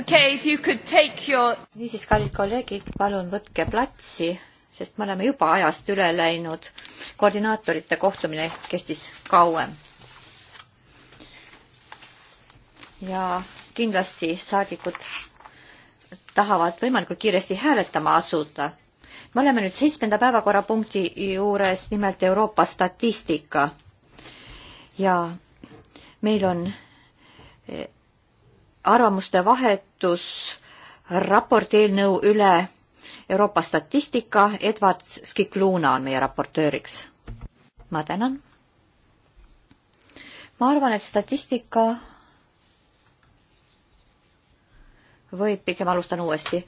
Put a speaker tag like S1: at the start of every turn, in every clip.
S1: okay, if you could take your... niisiis, kallid kolleegid, palun võtke platsi, sest me oleme juba ajast üle läinud. koordinaatorite kohtumine kestis kauem. ja kindlasti saadikud tahavad võimalikult kiiresti hääletama asuda. me oleme nüüd seitsmenda päevakorrapunkti juures, nimelt Euroopa statistika. ja meil on eh, arvamuste vahetus raporti eelnõu üle Euroopa statistika, Edward Skikluna on meie raportööriks. ma tänan. ma arvan, et statistika või pigem alustan uuesti.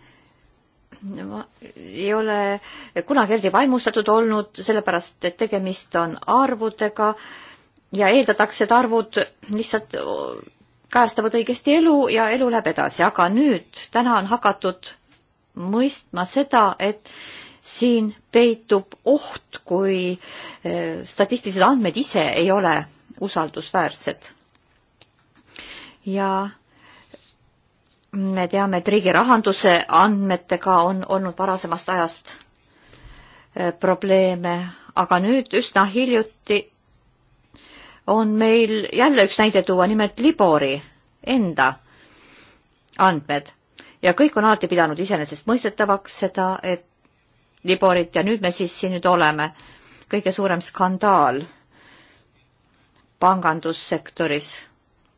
S1: ma ei ole kunagi eriti vaimustatud olnud, sellepärast et tegemist on arvudega ja eeldatakse, et arvud lihtsalt kajastavad õigesti elu ja elu läheb edasi, aga nüüd täna on hakatud mõistma seda, et siin peitub oht, kui eh, statistilised andmed ise ei ole usaldusväärsed. ja me teame, et riigi rahanduse andmetega on olnud varasemast ajast eh, probleeme, aga nüüd üsna hiljuti on meil jälle üks näide tuua, nimelt Libori enda andmed ja kõik on alati pidanud iseenesestmõistetavaks seda, et Liborit ja nüüd me siis siin nüüd oleme. kõige suurem skandaal pangandussektoris,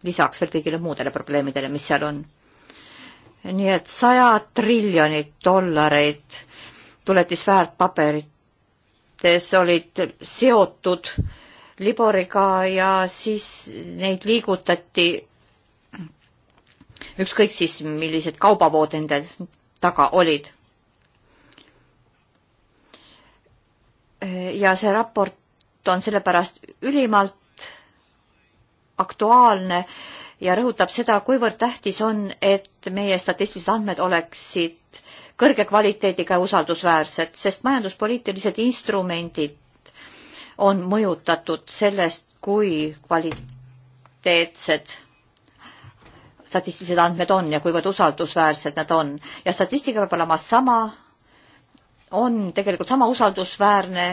S1: lisaks veel kõigile muudele probleemidele, mis seal on. nii et sajad triljonid dollareid tuletisväärtpaberites olid seotud äh, liboriga ja siis neid liigutati ükskõik siis, millised kaubavood nende taga olid. ja see raport on sellepärast ülimalt aktuaalne ja rõhutab seda, kuivõrd tähtis on, et meie statistilised andmed oleksid kõrge kvaliteediga ja usaldusväärsed, sest majanduspoliitilised instrumendid on mõjutatud sellest, kui kvaliteetsed statistilised andmed on ja kuivõrd usaldusväärsed nad on. ja statistika peab olema sama, on tegelikult sama usaldusväärne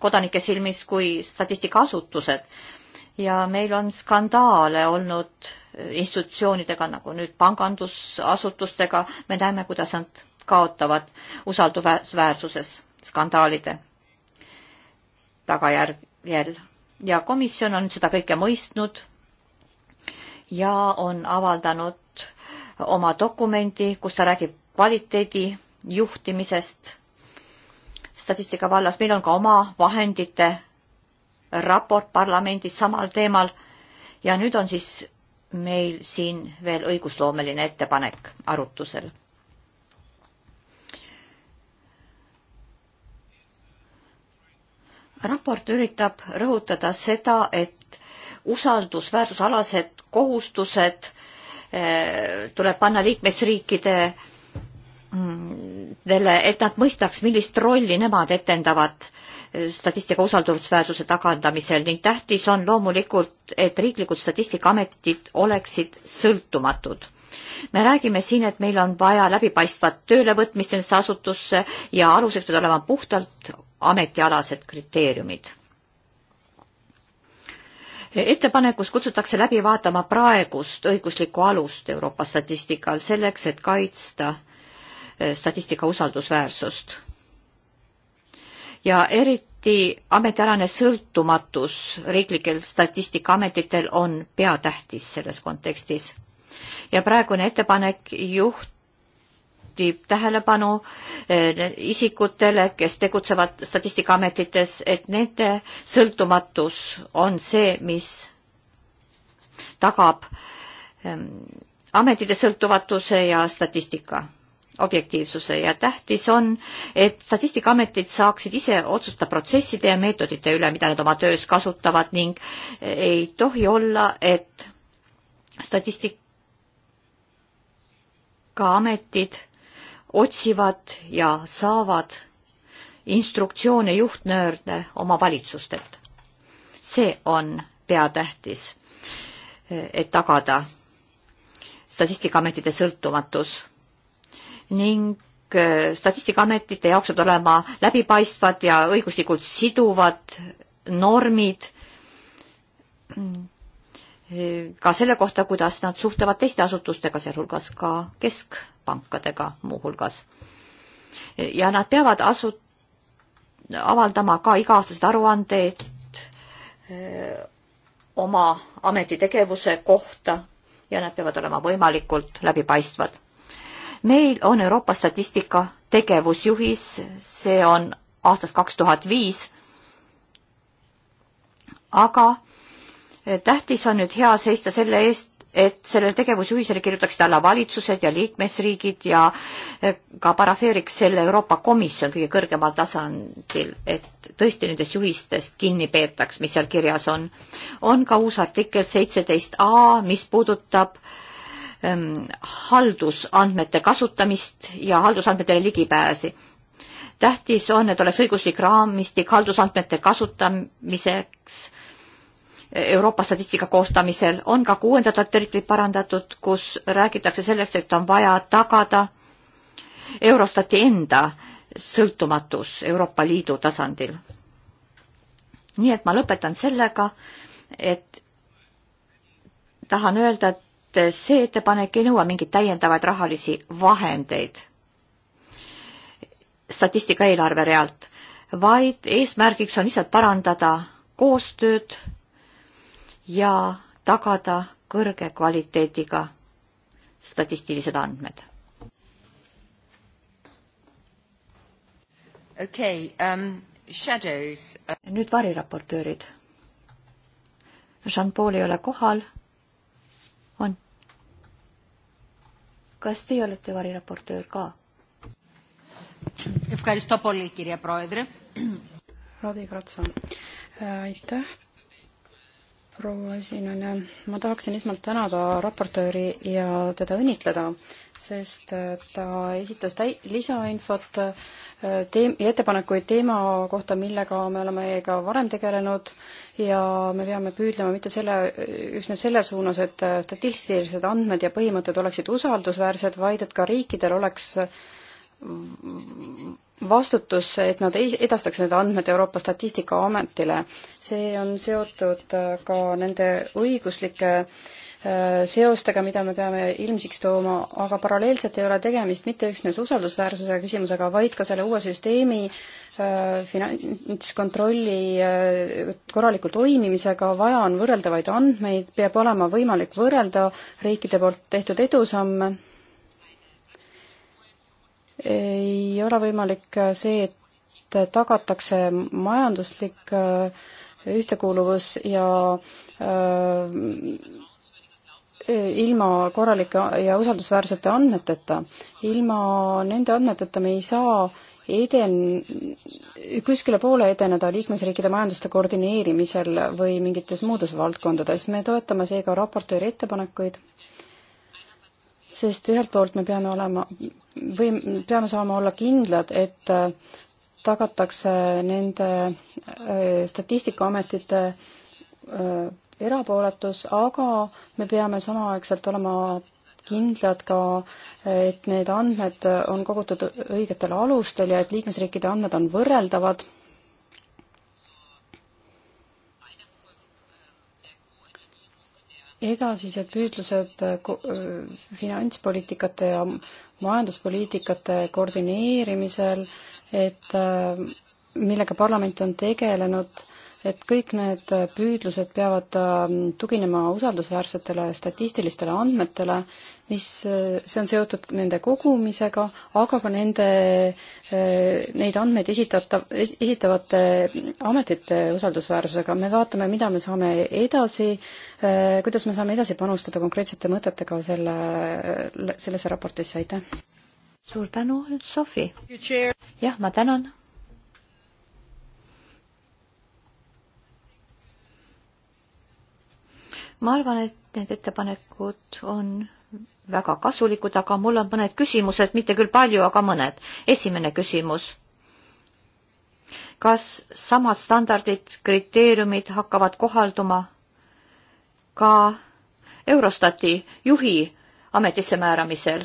S1: kodanike silmis kui statistikaasutused. ja meil on skandaale olnud institutsioonidega, nagu nüüd pangandusasutustega, me näeme, kuidas nad kaotavad usaldusväärsuses skandaalide tagajärjel ja komisjon on seda kõike mõistnud ja on avaldanud oma dokumendi, kus ta räägib kvaliteedi juhtimisest statistika vallas. meil on ka oma vahendite raport parlamendis samal teemal ja nüüd on siis meil siin veel õigusloomeline ettepanek arutusel raport üritab rõhutada seda, et usaldusväärsusalased kohustused eh, tuleb panna liikmesriikide mm, et nad mõistaks, millist rolli nemad etendavad eh, statistika usaldusväärsuse tagandamisel ning tähtis on loomulikult, et riiklikud statistikaametid oleksid sõltumatud. me räägime siin, et meil on vaja läbipaistvat töölevõtmist nendesse asutusse ja aluseks peavad olema puhtalt ametialased kriteeriumid. ettepanekus kutsutakse läbi vaatama praegust õiguslikku alust Euroopa statistikal selleks, et kaitsta eh, statistika usaldusväärsust. ja eriti ametialane sõltumatus riiklikel statistikaametitel on peatähtis selles kontekstis ja praegune ettepanek juht juhtib tähelepanu eh, isikutele, kes tegutsevad statistikaametites, et nende sõltumatus on see, mis tagab ehm, ametite sõltumatuse ja statistika objektiivsuse ja tähtis on, et Statistikaametid saaksid ise otsustada protsesside ja meetodite üle, mida nad oma töös kasutavad ning eh, ei tohi olla, et statistikaametid otsivad ja saavad instruktsioone juhtnöörde oma valitsustelt. see on peatähtis, et tagada Statistikaametite sõltumatus ning eh, Statistikaametite jaoks peavad olema läbipaistvad ja õiguslikult siduvad normid eh, ka selle kohta, kuidas nad suhtlevad teiste asutustega, sealhulgas ka kesk- pankadega muuhulgas. ja nad peavad asu-, avaldama ka iga-aastaseid aruandeid eh, oma ametitegevuse kohta ja nad peavad olema võimalikult läbipaistvad. meil on Euroopa statistika tegevusjuhis, see on aastast kaks tuhat viis, aga eh, tähtis on nüüd hea seista selle eest, et sellele tegevusjuhisele kirjutaksid alla valitsused ja liikmesriigid ja eh, ka parafeeriks selle Euroopa Komisjon kõige kõrgemal tasandil, et tõesti nendest juhistest kinni peetaks, mis seal kirjas on. on ka uus artikkel seitseteist A, mis puudutab ähm, haldusandmete kasutamist ja haldusandmetele ligipääsi. tähtis on, et oleks õiguslik raamistik haldusandmete kasutamiseks äh, Euroopa statistika koostamisel, on ka kuuendat artiklit parandatud, kus räägitakse selleks, et on vaja tagada Eurostati enda sõltumatus Euroopa Liidu tasandil. nii et ma lõpetan sellega, et tahan öelda, et see ettepanek ei nõua mingeid täiendavaid rahalisi vahendeid statistika eelarve realt, vaid eesmärgiks on lihtsalt parandada koostööd ja tagada kõrge kvaliteediga statistilised andmed. okei okay, um,, shadows. Uh, nüüd variraportöörid. Jean-Paul ei ole kohal. on. kas teie olete variraportöör ka? Rodi
S2: Kratson, aitäh proua esinejana, ma tahaksin esmalt tänada raportööri ja teda õnnitleda, sest ta esitas täi-, lisainfot äh, teem- ja ettepanekuid teema kohta, millega me oleme ka varem tegelenud ja me peame püüdlema mitte selle, üksnes selle suunas, et statistilised andmed ja põhimõtted oleksid usaldusväärsed, vaid et ka riikidel oleks äh, vastutus, et nad edastaks need andmed Euroopa Statistikaametile. see on seotud äh, ka nende õiguslike äh, seostega, mida me peame ilmsiks tooma, aga paralleelselt ei ole tegemist mitte üksnes usaldusväärsuse küsimusega, vaid ka selle uue süsteemi äh, finantskontrolli korraliku toimimisega, vaja on võrreldavaid andmeid, peab olema võimalik võrrelda riikide poolt tehtud edusamme ei ole võimalik äh, see, et tagatakse majanduslik äh, ühtekuuluvus ja äh, ilma korralike ja usaldusväärsete andmeteta. ilma nende andmeteta me ei saa eden-, kuskile poole edeneda liikmesriikide majanduste koordineerimisel või mingites muudes valdkondades. me toetame seega raportööri ettepanekuid sest ühelt poolt me peame olema või peame saama olla kindlad, et äh, tagatakse nende äh, statistikaametite äh, erapooletus, aga me peame samaaegselt olema kindlad ka, et need andmed on kogutud õigetel alustel ja et liikmesriikide andmed on võrreldavad edasised püüdlused äh, äh, finantspoliitikate ja majanduspoliitikate koordineerimisel, et äh, millega parlament on tegelenud et kõik need püüdlused peavad ähm, tuginema usaldusväärsetele statistilistele andmetele, mis, äh, see on seotud nende kogumisega, aga ka nende, äh, neid andmeid esitata, esitavate ametite usaldusväärsusega. me vaatame, mida me saame edasi, äh, kuidas me saame edasi panustada konkreetsete mõtetega selle, sellesse raportisse, aitäh! suur
S1: tänu, Sofi! jah, ma tänan! ma arvan, et need ettepanekud on väga kasulikud, aga mul on mõned küsimused, mitte küll palju, aga mõned. esimene küsimus. kas samad standardid, kriteeriumid hakkavad kohalduma ka Eurostati juhi ametisse määramisel,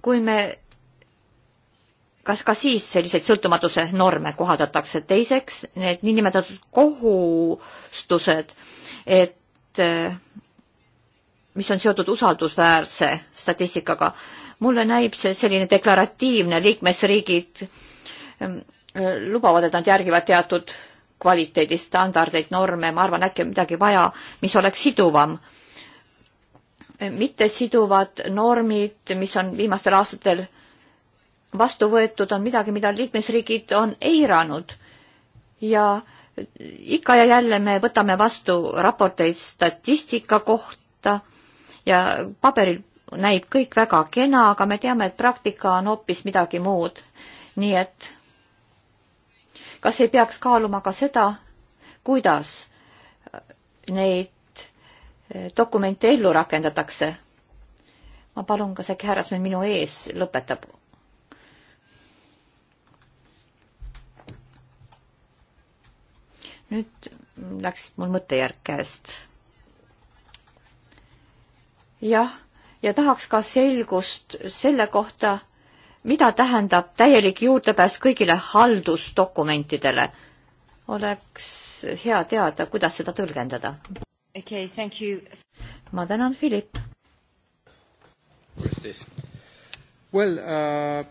S1: kui me kas ka siis selliseid sõltumatuse norme kohaldatakse? teiseks, need niinimetatud kohustused, et mis on seotud usaldusväärse statistikaga. mulle näib see selline deklaratiivne, liikmesriigid mm, lubavad, et nad järgivad teatud kvaliteedi standardeid, norme, ma arvan, äkki on midagi vaja, mis oleks siduvam. mittesiduvad normid, mis on viimastel aastatel vastu võetud, on midagi, mida liikmesriigid on eiranud ja ikka ja jälle me võtame vastu raporteid statistika kohta ja paberil näib kõik väga kena, aga me teame, et praktika on hoopis midagi muud. nii et kas ei peaks kaaluma ka seda, kuidas neid eh, dokumente ellu rakendatakse? ma palun, kas äkki härrasmees minu ees lõpetab nüüd läks mul mõttejärg käest. jah, ja tahaks ka selgust selle kohta, mida tähendab täielik juurdepääs kõigile haldusdokumentidele. oleks hea teada, kuidas seda tõlgendada. okei okay,, thank you. ma tänan, Philipp. Well, uh,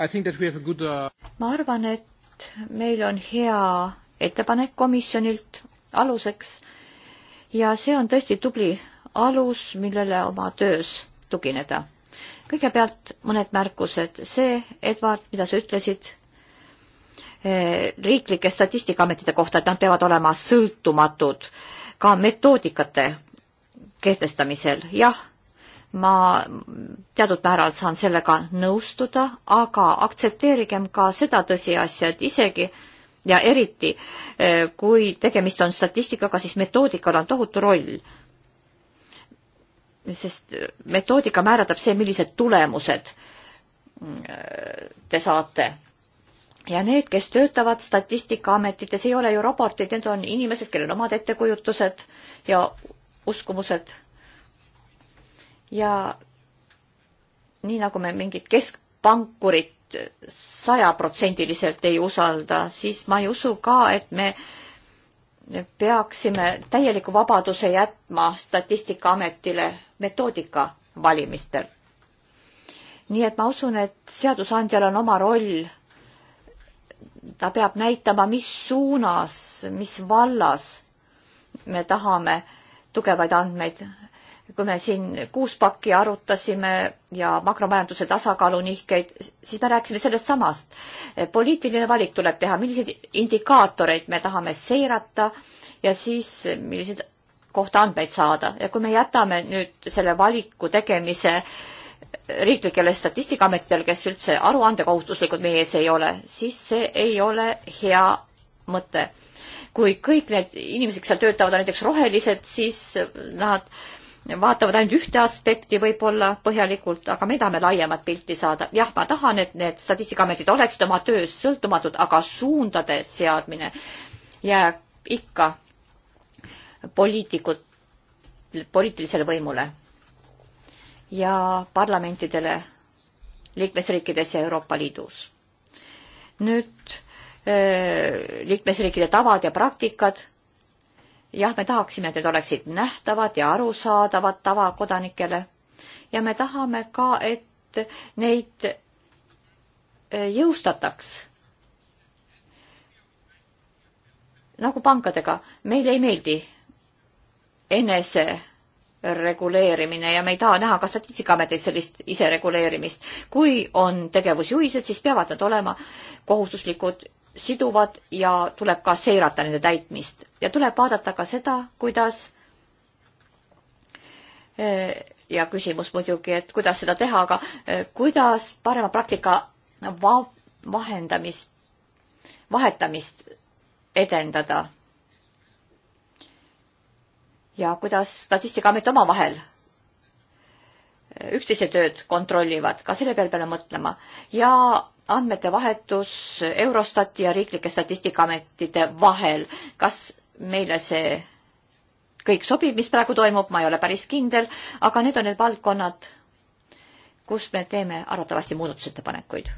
S3: I think that we have a good uh...
S1: ma arvan, et meil on hea ettepanek komisjonilt aluseks ja see on tõesti tubli alus, millele oma töös tugineda. kõigepealt mõned märkused. see, Edward, mida sa ütlesid eh, riiklike statistikaametite kohta, et nad peavad olema sõltumatud ka metoodikate kehtestamisel, jah, ma teatud määral saan sellega nõustuda, aga aktsepteerigem ka seda tõsiasja, et isegi äh, ja eriti, eh, kui tegemist on statistikaga, siis metoodikal on tohutu roll. sest eh, metoodika määratab see, millised tulemused mm, eh, te saate. ja need, kes töötavad Statistikaametites, ei ole ju robotid, need on inimesed, kellel on omad ettekujutused ja uskumused. ja nii nagu me mingit keskpankurit teid sajaprotsendiliselt ei usalda, siis ma ei usu ka, et me peaksime täieliku vabaduse jätma Statistikaametile metoodika valimistel. nii et ma usun, et seadusandjal on oma roll. ta peab näitama, mis suunas, mis vallas me tahame tugevaid andmeid kui me siin kuus pakki arutasime ja makromajanduse tasakaalu nihkeid, siis me rääkisime sellest samast. poliitiline valik tuleb teha, milliseid indikaatoreid me tahame seirata ja siis milliseid kohta andmeid saada ja kui me jätame nüüd selle valiku tegemise riiklikele statistikaametitele, kes üldse aruandekohustuslikud meie ees ei ole, siis see ei ole hea mõte. kui kõik need inimesed, kes seal töötavad, on näiteks rohelised, siis nad äh, vaatavad ainult ühte aspekti võib-olla põhjalikult, aga me tahame laiemat pilti saada. jah, ma tahan, et need statistikaametid oleksid oma töös sõltumatud, aga suundade seadmine jääb ikka poliitikud, poliitilisele võimule ja parlamentidele liikmesriikides ja Euroopa Liidus. nüüd eh, liikmesriikide tavad ja praktikad jah, me tahaksime, et need oleksid nähtavad ja arusaadavad tavakodanikele ja me tahame ka, et neid eh, jõustataks. nagu pankadega, meile ei meeldi enese reguleerimine ja me ei taha näha ka Statistikaametil sellist isereguleerimist. kui on tegevusjuhised, siis peavad nad olema kohustuslikud siduvad ja tuleb ka seirata nende täitmist ja tuleb vaadata ka seda, kuidas eh, ja küsimus muidugi, et kuidas seda teha, aga eh, kuidas parema praktika va-, vahendamist, vahetamist edendada. ja kuidas Statistikaamet omavahel eh, üksteise tööd kontrollivad, ka selle peale peame mõtlema ja andmete vahetus Eurostati ja riiklike statistikaametite vahel. kas meile see kõik sobib, mis praegu toimub, ma ei ole päris kindel, aga need on need valdkonnad, kus me teeme arvatavasti muudatusettepanekuid.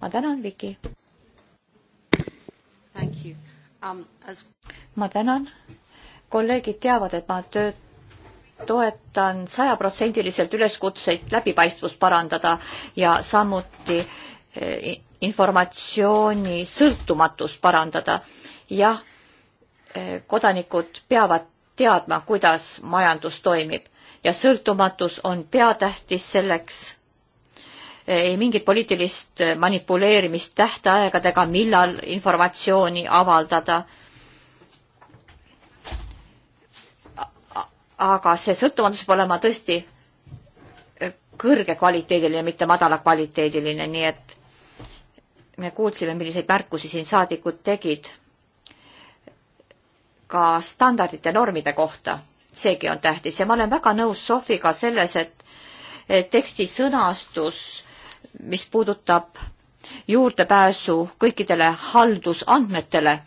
S1: ma tänan, Viki. Um, as... ma tänan. kolleegid teavad, et ma töötan toetan sajaprotsendiliselt üleskutseid läbipaistvust parandada ja samuti eh, informatsiooni sõltumatust parandada. jah, eh, kodanikud peavad teadma, kuidas majandus toimib ja sõltumatus on peatähtis selleks. Eh, ei mingit poliitilist manipuleerimist tähtaegadega, millal informatsiooni avaldada aga see sõltumatus peab olema tõesti eh, kõrgekvaliteediline, mitte madalakvaliteediline, nii et me kuulsime, milliseid märkusi siin saadikud tegid ka standardite normide kohta. seegi on tähtis ja ma olen väga nõus Sofiga selles, et teksti sõnastus, mis puudutab juurdepääsu kõikidele haldusandmetele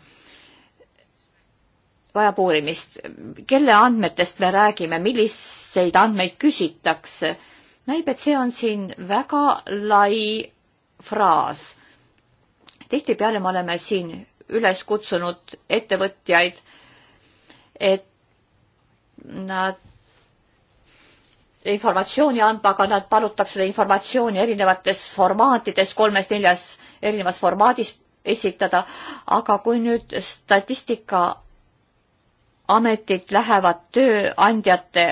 S1: vajab uurimist. kelle andmetest me räägime, milliseid andmeid küsitakse? näib, et see on siin väga lai fraas. tihtipeale me oleme siin üles kutsunud ettevõtjaid, et nad informatsiooni andma, aga nad palutakse seda informatsiooni erinevates formaatides, kolmes-neljas erinevas formaadis esitada. aga kui nüüd statistika ametid lähevad tööandjate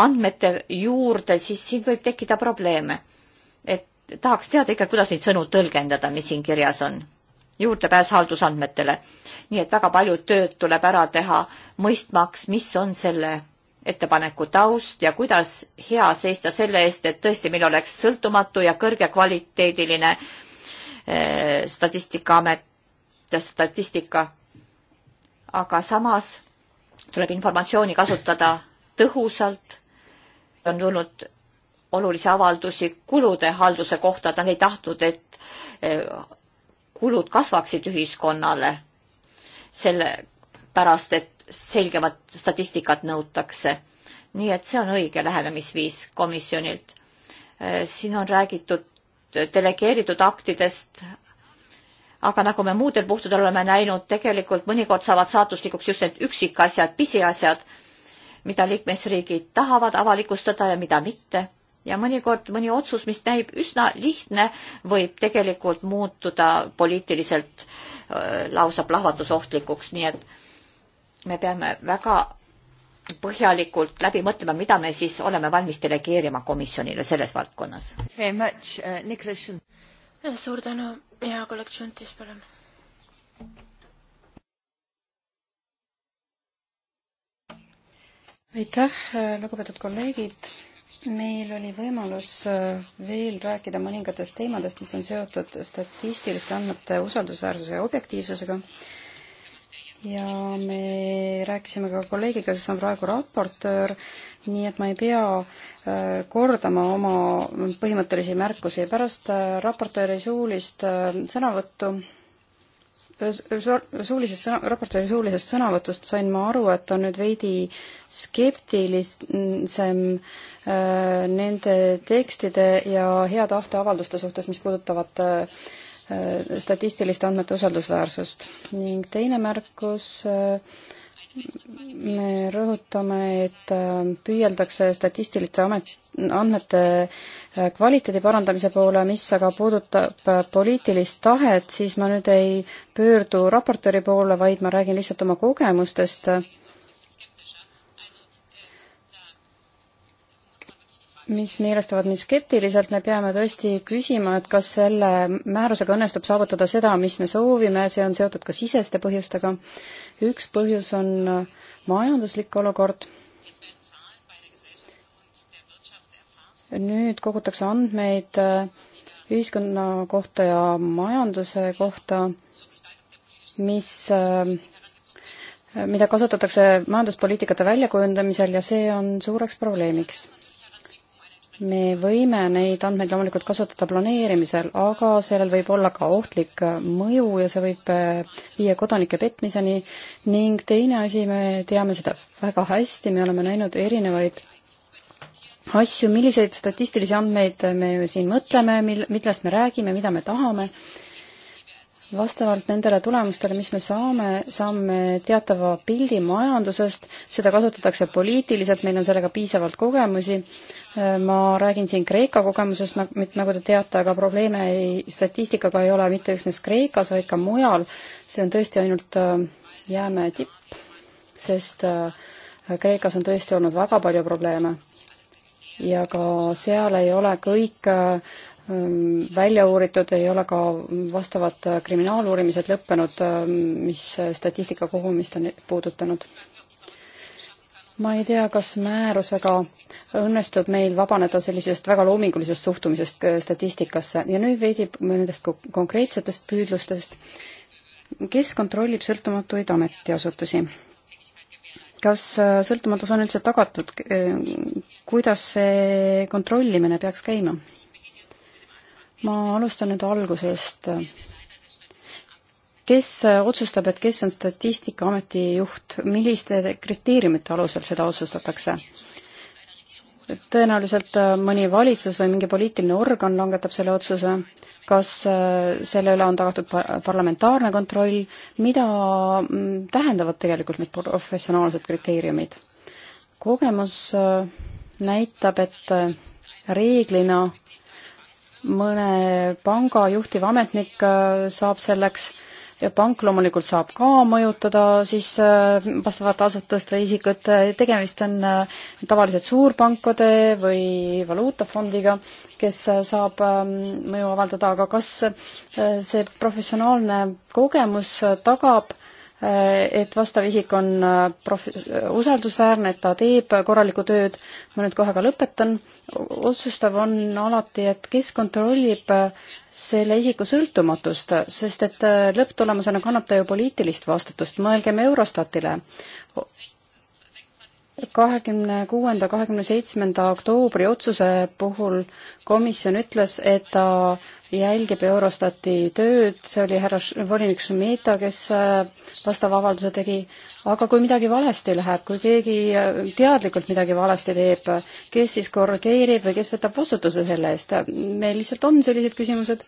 S1: andmete juurde, siis siin võib tekkida probleeme. et tahaks teada ikka, kuidas neid sõnu tõlgendada, mis siin kirjas on. juurdepääs haldusandmetele. nii et väga palju tööd tuleb ära teha, mõistmaks, mis on selle ettepaneku taust ja kuidas hea seista selle eest, et tõesti meil oleks sõltumatu ja kõrgekvaliteediline eh, statistikaamet, statistika aga samas tuleb informatsiooni kasutada tõhusalt. on tulnud olulisi avaldusi kulude halduse kohta, nad ei tahtnud, et eh, kulud kasvaksid ühiskonnale selle pärast, et selgemat statistikat nõutakse. nii et see on õige lähenemisviis komisjonilt. Eh, siin on räägitud delegeeritud aktidest, aga nagu me muudel puhtudel oleme näinud, tegelikult mõnikord saavad saatuslikuks just need üksikasjad, pisiasjad, mida liikmesriigid tahavad avalikustada ja mida mitte. ja mõnikord mõni otsus, mis näib üsna lihtne, võib tegelikult muutuda poliitiliselt äh, lausa plahvatusohtlikuks, nii et me peame väga põhjalikult läbi mõtlema, mida me siis oleme valmis delegeerima komisjonile selles valdkonnas.
S3: Uh, suur tänu ja kolleeg Šuntis, palun.
S2: aitäh, lugupeetud kolleegid. meil oli võimalus äh, veel rääkida mõningatest teemadest, mis on seotud statistiliste andmete usaldusväärsuse ja objektiivsusega. ja me rääkisime ka kolleegiga, kes on praegu raportöör nii et ma ei pea äh, kordama oma põhimõttelisi märkusi. pärast äh, raportööri suulist äh, sõnavõttu suulisest sõna, raportööri suulisest sõnavõtust sain ma aru, et on nüüd veidi skeptilisem nende tekstide ja hea tahte avalduste suhtes, mis puudutavad statistiliste andmete usaldusväärsust. ning teine märkus äh, me rõhutame, et äh, püüeldakse statistiliste amet, andmete äh, kvaliteedi parandamise poole, mis aga puudutab äh, poliitilist tahet, siis ma nüüd ei pöördu raportööri poole, vaid ma räägin lihtsalt oma kogemustest. mis meelestavad mind skeptiliselt, me peame tõesti küsima, et kas selle määrusega õnnestub saavutada seda, mis me soovime, see on seotud ka siseste põhjustega üks põhjus on äh, majanduslik olukord. nüüd kogutakse andmeid äh, ühiskonna kohta ja majanduse kohta, mis, äh, mida kasutatakse majanduspoliitikate väljakujundamisel ja see on suureks probleemiks me võime neid andmeid loomulikult kasutada planeerimisel, aga sellel võib olla ka ohtlik mõju ja see võib eh, viia kodanike petmiseni ning teine asi, me teame seda väga hästi, me oleme näinud erinevaid asju, milliseid statistilisi andmeid me siin mõtleme, mil-, millest me räägime, mida me tahame, vastavalt nendele tulemustele, mis me saame, saame teatava pildi majandusest, seda kasutatakse poliitiliselt, meil on sellega piisavalt kogemusi ma räägin siin Kreeka kogemusest, nagu, nagu te teate, aga probleeme ei, statistikaga ei ole mitte üksnes Kreekas, vaid ka mujal. see on tõesti ainult äh, jäämäe tipp, sest äh, Kreekas on tõesti olnud väga palju probleeme. ja ka seal ei ole kõik äh, välja uuritud, ei ole ka vastavad kriminaaluurimised lõppenud, mis statistika kogumist on puudutanud ma ei tea, kas määrusega õnnestub meil vabaneda sellisest väga loomingulisest suhtumisest äh, statistikasse ja nüüd veidi nendest konkreetsetest püüdlustest. kes kontrollib sõltumatuid ametiasutusi? kas äh, sõltumatus on üldse tagatud, kuidas see kontrollimine peaks käima? ma alustan nüüd algusest kes äh, otsustab, et kes on Statistikaameti juht, milliste kriteeriumite alusel seda otsustatakse? tõenäoliselt äh, mõni valitsus või mingi poliitiline organ langetab selle otsuse, kas äh, selle üle on tagatud parlamentaarne kontroll, mida mm, tähendavad tegelikult need professionaalsed kriteeriumid? kogemus näitab, et reeglina mõne panga juhtiv ametnik saab selleks pank loomulikult saab ka mõjutada siis äh, vastavat asutust või isikut, tegemist on äh, tavaliselt suurpankade või valuutafondiga, kes äh, saab ähm, mõju avaldada, aga kas see professionaalne kogemus tagab et vastav isik on prof-, usaldusväärne, et ta teeb korralikku tööd, ma nüüd kohe ka lõpetan, otsustav on alati, et kes kontrollib selle isiku sõltumatust, sest et äh, lõpptulemusena kannab ta ju poliitilist vastutust, mõelgem Eurostatile. kahekümne kuuenda, kahekümne seitsmenda oktoobri otsuse puhul komisjon ütles, et ta jälgib Eurostati tööd, see oli härra volinik Šumita, kes äh, vastava avalduse tegi, aga kui midagi valesti läheb, kui keegi äh, teadlikult midagi valesti teeb, kes siis korrigeerib või kes võtab vastutuse selle eest? meil lihtsalt on sellised küsimused.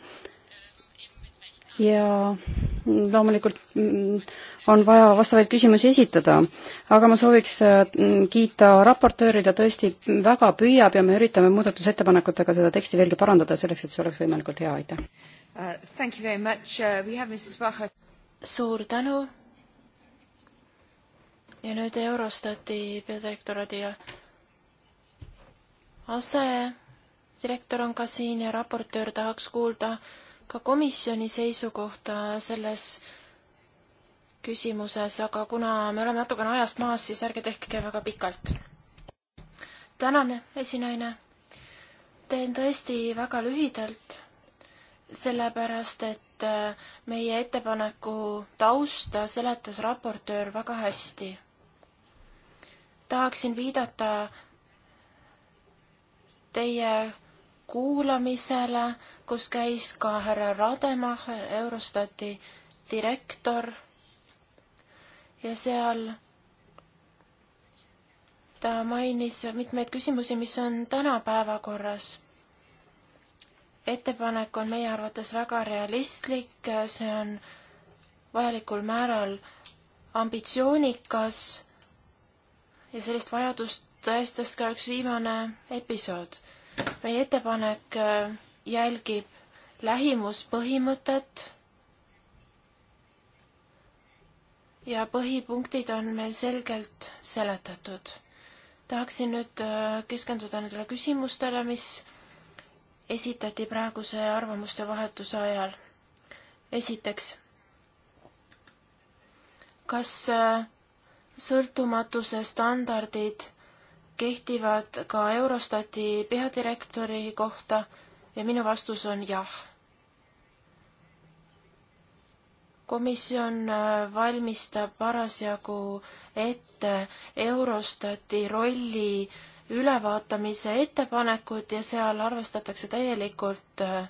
S2: ja loomulikult mm, on vaja vastavaid küsimusi esitada, aga ma sooviks äh, kiita raportööri, ta tõesti väga püüab ja me üritame muudatusettepanekutega seda teksti veelgi parandada, selleks et see oleks võimalikult hea, aitäh!
S3: Uh, thank you very much. Uh, we have Mrs. Bacher. Suur tänu ja nüüd Eurostati peadirektoraadi asedirektor on ka siin ja raportöör tahaks kuulda ka komisjoni seisukohta selles küsimuses, aga kuna me oleme natukene ajast maas, siis ärge tehke väga pikalt. tänan, esinaine. teen tõesti väga lühidalt, sellepärast et meie ettepaneku tausta seletas raportöör väga hästi tahaksin viidata teie kuulamisele, kus käis ka härra Rademacher, Eurostati direktor ja seal ta mainis mitmeid küsimusi, mis on täna päevakorras. ettepanek on meie arvates väga realistlik, see on vajalikul määral ambitsioonikas ja sellist vajadust tõestas ka üks viimane episood. meie ettepanek äh, jälgib lähimuspõhimõtet ja põhipunktid on meil selgelt seletatud. tahaksin nüüd äh, keskenduda nendele küsimustele, mis esitati praeguse arvamuste vahetuse ajal. esiteks, kas äh, sõltumatuse standardid kehtivad ka Eurostati peadirektori kohta ja minu vastus on jah. komisjon äh, valmistab parasjagu ette Eurostati rolli ülevaatamise ettepanekud ja seal arvestatakse täielikult äh,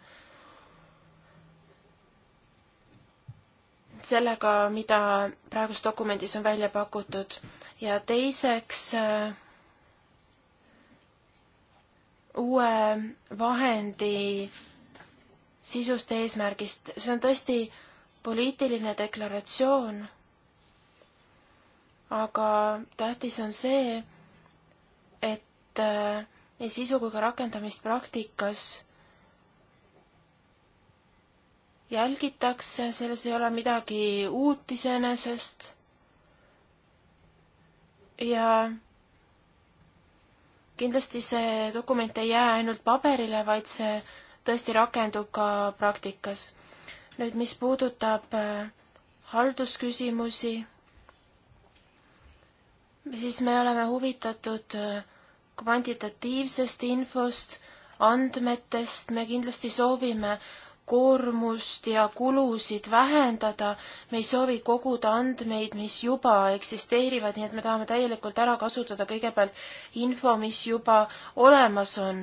S3: sellega, mida praeguses dokumendis on välja pakutud ja teiseks äh, uue vahendi sisust ja eesmärgist, see on tõesti poliitiline deklaratsioon, aga tähtis on see, et äh, nii sisu kui ka rakendamist praktikas jälgitakse, selles ei ole midagi uut iseenesest. ja kindlasti see dokument ei jää ainult paberile, vaid see tõesti rakendub ka praktikas. nüüd, mis puudutab äh, haldusküsimusi, siis me oleme huvitatud äh, kvantitatiivsest infost, andmetest, me kindlasti soovime koormust ja kulusid vähendada, me ei soovi koguda andmeid, mis juba eksisteerivad, nii et me tahame täielikult ära kasutada kõigepealt info, mis juba olemas on.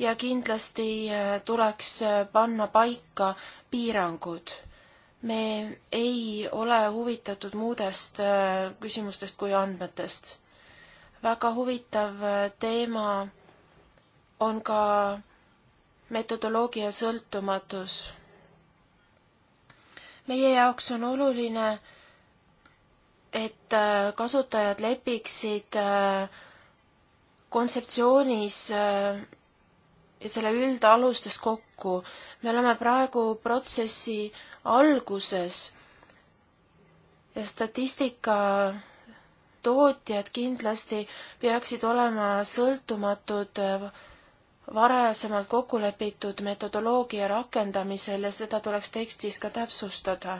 S3: ja kindlasti äh, tuleks äh, panna paika piirangud. me ei ole huvitatud muudest äh, küsimustest kui andmetest. väga huvitav teema on ka metodoloogia sõltumatus. meie jaoks on oluline, et äh, kasutajad lepiksid äh, kontseptsioonis äh, ja selle üldalustes kokku. me oleme praegu protsessi alguses ja statistika tootjad kindlasti peaksid olema sõltumatud varasemalt kokku lepitud metodoloogia rakendamisel ja seda tuleks tekstis ka täpsustada.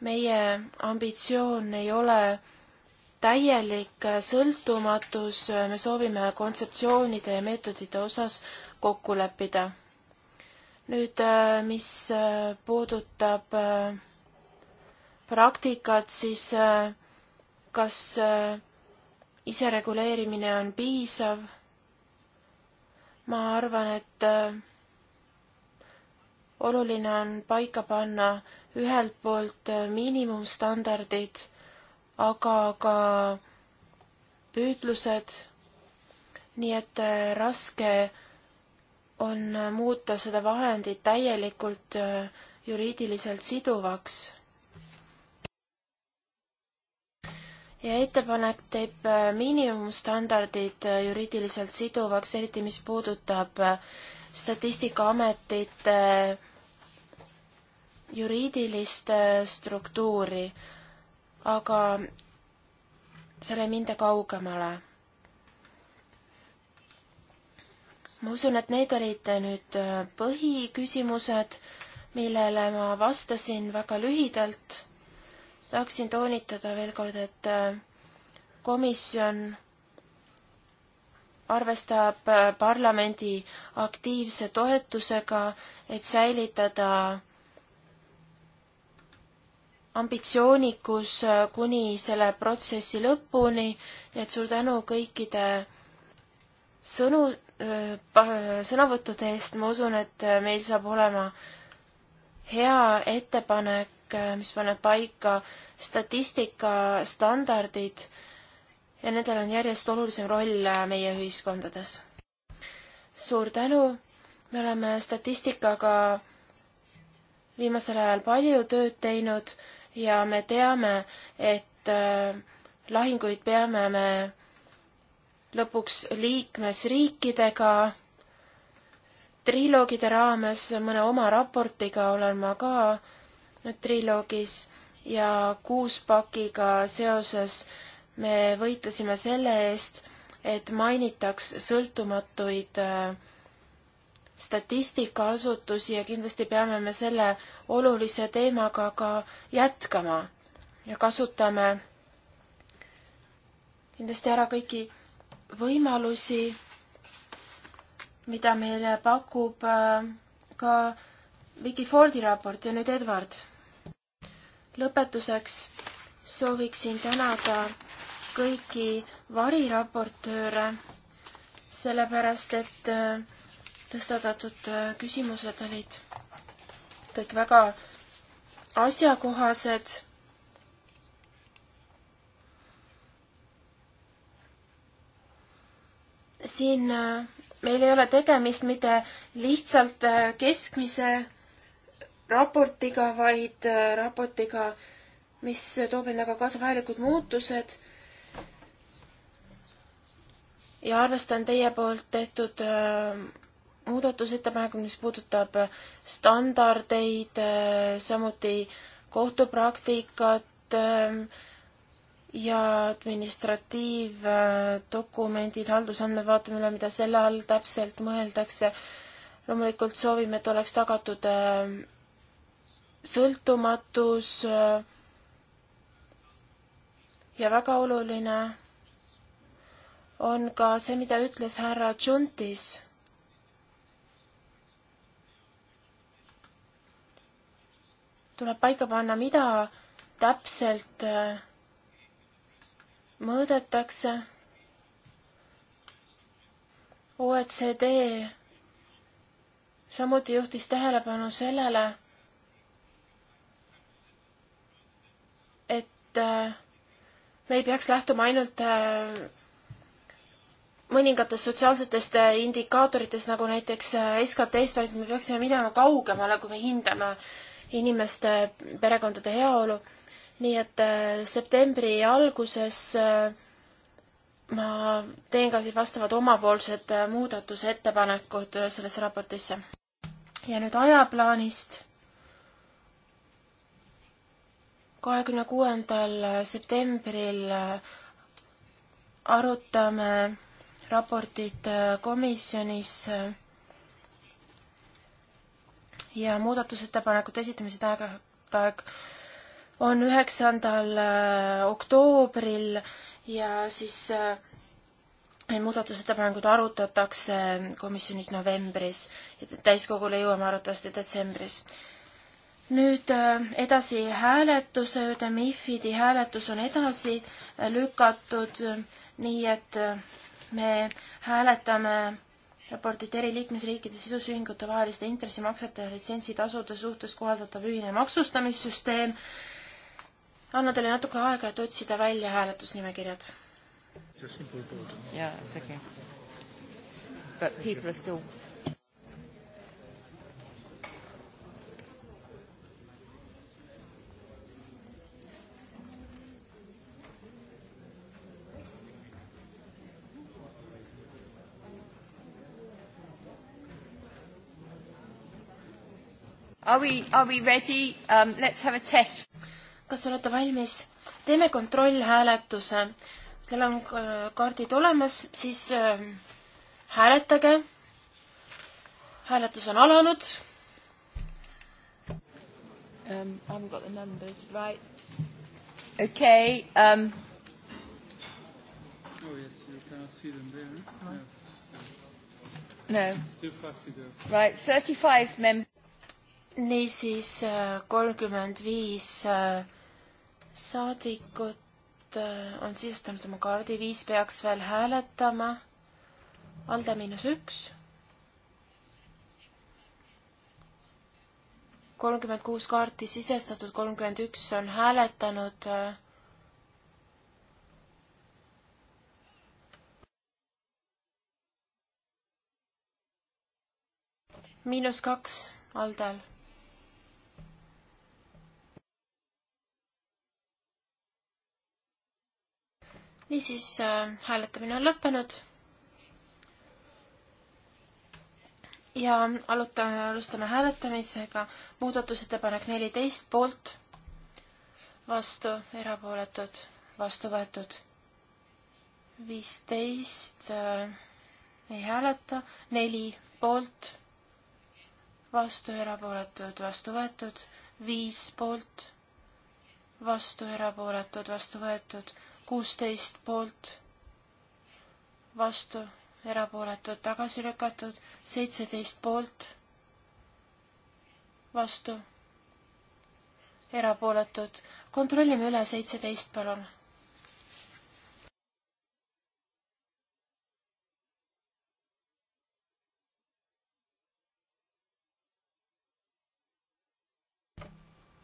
S3: meie ambitsioon ei ole täielik sõltumatus, me soovime kontseptsioonide ja meetodite osas kokku leppida. nüüd, äh, mis äh, puudutab äh, praktikat, siis kas isereguleerimine on piisav ma arvan, et äh, oluline on paika panna ühelt poolt äh, miinimumstandardid, aga ka püüdlused, nii et äh, raske on muuta seda vahendit täielikult juriidiliselt siduvaks ja ettepanek teeb äh, miinimumstandardid äh, juriidiliselt siduvaks, eriti mis puudutab äh, Statistikaametite juriidilist struktuuri, aga seal ei minda kaugemale. ma usun, et need olid nüüd põhiküsimused, millele ma vastasin väga lühidalt tahaksin toonitada veel kord, et äh, komisjon arvestab äh, parlamendi aktiivse toetusega, et säilitada ambitsioonikus äh, kuni selle protsessi lõpuni, et suur tänu kõikide sõnu, sõnavõttude eest, ma usun, et meil saab olema hea ettepanek Äh, mis paneb paika statistika standardid ja nendel on järjest olulisem roll äh, meie ühiskondades. suur tänu, me oleme statistikaga viimasel ajal palju tööd teinud ja me teame, et äh, lahinguid peame me lõpuks liikmesriikidega triloogide raames mõne oma raportiga olen ma ka nüüd triloogis ja kuuspakiga seoses me võitlesime selle eest, et mainitaks sõltumatuid äh, statistikaasutusi ja kindlasti peame me selle olulise teemaga ka jätkama ja kasutame kindlasti ära kõiki võimalusi, mida meile pakub äh, ka Vicky Fordi raport ja nüüd Edward. lõpetuseks sooviksin tänada kõiki variraportööre, sellepärast et äh, tõstatatud äh, küsimused olid kõik väga asjakohased. siin äh, meil ei ole tegemist mitte lihtsalt keskmise raportiga, vaid äh, raportiga, mis toob endaga kaasa vajalikud muutused. ja arvestan teie poolt tehtud äh, muudatusettepanekut, mis puudutab äh, standardeid, samuti kohtupraktikat ja administratiivdokumendid, haldusandmed, vaatame üle, mida selle all täpselt mõeldakse. loomulikult soovime, et oleks tagatud sõltumatus äh, ja väga oluline on ka see, mida ütles härra Tšuntis tuleb paika panna, mida täpselt äh, mõõdetakse. OECD samuti juhtis tähelepanu sellele, Äh, me ei peaks lähtuma ainult äh, mõningatest sotsiaalsetest äh, indikaatoritest, nagu näiteks SKT-st, vaid me peaksime minema kaugemale, kui me hindame inimeste, perekondade heaolu. nii et septembri alguses ma teen ka siis vastavad omapoolsed muudatusettepanekud sellesse raportisse. ja nüüd ajaplaanist kahekümne kuuendal septembril äh, arutame raportit äh, komisjonis äh, ja muudatusettepanekute esitamise tähtaeg on üheksandal oktoobril ja siis neid muudatusettepanekuid arutatakse komisjonis novembris ja täiskogule jõuame arvatavasti detsembris nüüd äh, edasi hääletuse juurde, MIFID-i hääletus on edasi äh, lükatud, nii et äh, me hääletame raportit eri liikmesriikide sidusühingute vaheliste intressimaksete ja litsentsitasude suhtes kohaldatav ühine maksustamissüsteem. annan teile natuke aega, et otsida välja hääletusnimekirjad. jaa,
S1: see on okei. But people are still Are we, are we ready um,? Let's have a test. kas olete
S3: valmis? teeme kontrollhääletuse. Teil on äh, kaardid olemas, siis äh, hääletage. hääletus on alanud um,. I haven't got the numbers right.
S1: Okay um,. Oh yes, you cannot see them
S2: there. Huh? No. Uh-huh. no. Still five to go.
S1: Right, thirty-five
S3: mem- niisiis äh, kolmkümmend viis äh, saadikut äh, on sisestanud oma kaardi, viis peaks veel hääletama. Alde miinus üks. kolmkümmend kuus kaarti sisestatud, kolmkümmend üks on hääletanud miinus kaks Aldel niisiis äh, hääletamine on lõppenud. ja alutame, alustame hääletamisega. muudatusettepanek neliteist poolt, vastu, erapooletud, vastu võetud. viisteist äh, ei hääleta, neli poolt, vastu, erapooletud, vastu võetud, viis poolt, vastu, erapooletud, vastu võetud kuusteist poolt, vastu, erapooletud, tagasi lükatud, seitseteist poolt, vastu, erapooletud. kontrollime üle seitseteist, palun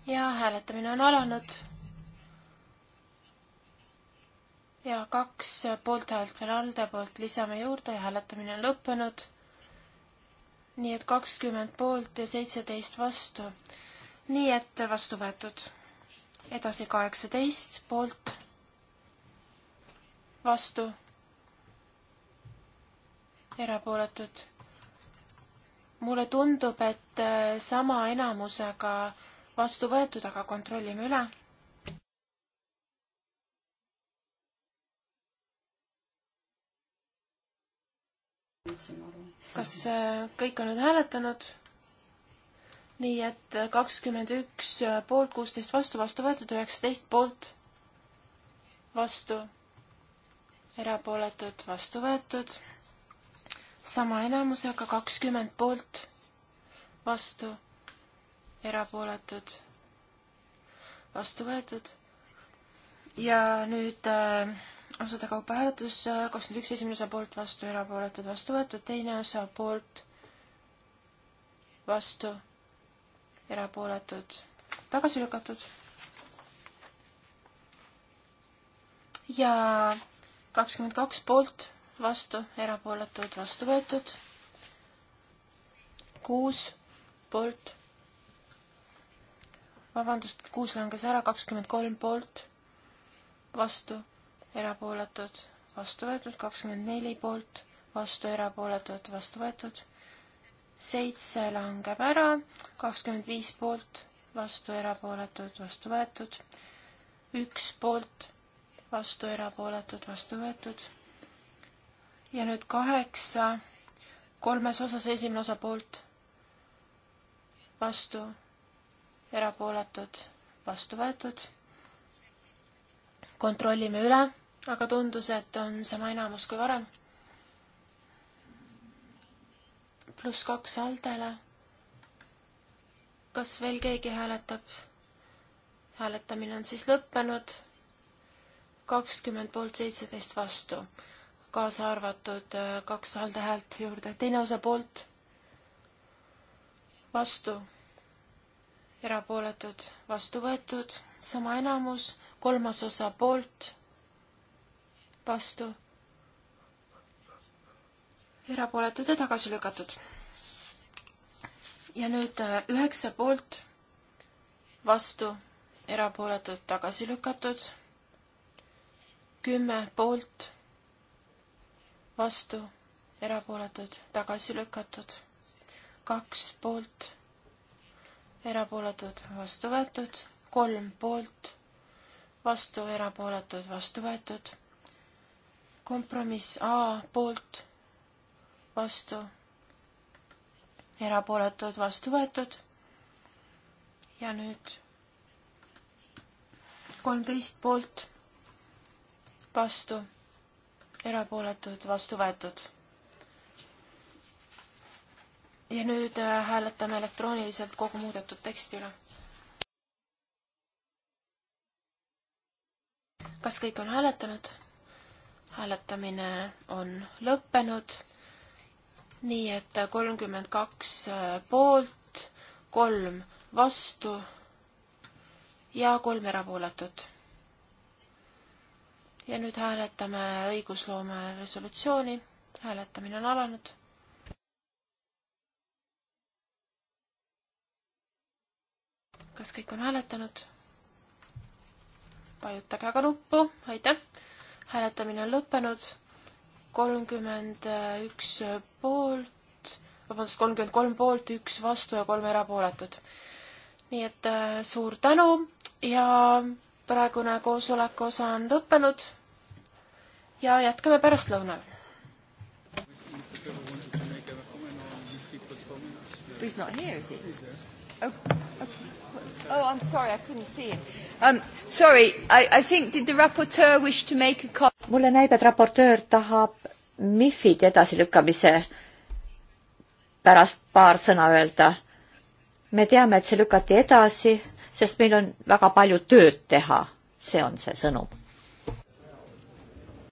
S3: ja hääletamine on alanud. ja kaks poolthäält veel ALDE poolt lisame juurde ja hääletamine on lõppenud. nii et kakskümmend poolt ja seitseteist vastu. nii et vastu võetud. edasi kaheksateist poolt, vastu, erapooletud. mulle tundub, et sama enamusega vastu võetud, aga kontrollime üle kas äh, kõik on nüüd hääletanud? nii et äh, kakskümmend üks äh, poolt, kuusteist vastu, vastu võetud, üheksateist poolt, vastu, erapooletud, vastu võetud, sama enamusega kakskümmend poolt, vastu, erapooletud, vastu võetud. ja nüüd äh, osade kaupa hääletus, kakskümmend üks esimene osa poolt, vastu, erapooletud, vastu võetud, teine osa poolt, vastu, erapooletud, tagasi lükatud. ja kakskümmend kaks poolt, vastu, erapooletud, vastu võetud, kuus poolt vabandust, kuus langes ära, kakskümmend kolm poolt, vastu, erapooletud, vastu võetud, kakskümmend neli poolt, vastu erapooletud, vastu võetud, seitse langeb ära, kakskümmend viis poolt, vastu erapooletud, vastu võetud, üks poolt, vastu erapooletud, vastu võetud ja nüüd kaheksa, kolmes osas esimene osa poolt, vastu, erapooletud, vastu võetud kontrollime üle aga tundus, et on sama enamus kui varem. pluss kaks Aldele. kas veel keegi hääletab? hääletamine on siis lõppenud. kakskümmend poolt seitseteist vastu, kaasa arvatud äh, kaks Alde häält juurde, teine osa poolt, vastu, erapooletud, vastu võetud, sama enamus, kolmas osa poolt vastu, erapooletud ja tagasi lükatud. ja nüüd äh, üheksa poolt, vastu, erapooletud, tagasi lükatud, kümme poolt, vastu, erapooletud, tagasi lükatud, kaks poolt, erapooletud, vastu võetud, kolm poolt, vastu, erapooletud, vastu võetud kompromiss A poolt, vastu, erapooletud, vastu võetud. ja nüüd kolmteist poolt, vastu, erapooletud, vastu võetud. ja nüüd äh, hääletame elektrooniliselt kogu muudetud teksti üle kas kõik on hääletanud? hääletamine on lõppenud, nii et kolmkümmend kaks äh, poolt, kolm vastu ja kolm erapooletut. ja nüüd hääletame õigusloome resolutsiooni, hääletamine on alanud kas kõik on hääletanud? vajutage aga nuppu, aitäh! hääletamine on lõppenud, kolmkümmend üks poolt, vabandust, kolmkümmend kolm poolt, üks vastu ja kolm erapooletut. nii et äh, suur tänu ja praegune koosoleku osa on lõppenud ja jätkame pärastlõunal.
S2: He's not here, is he?
S1: Oh, okay. oh, I'm sorry, I couldn't see him. Um, sorry, I, I think did the raporteur wish to make a co-? mulle näib, et raportöör tahab MIFid edasilükkamise pärast paar sõna öelda. me teame, et see lükati edasi, sest meil on väga palju tööd teha, see on see sõnum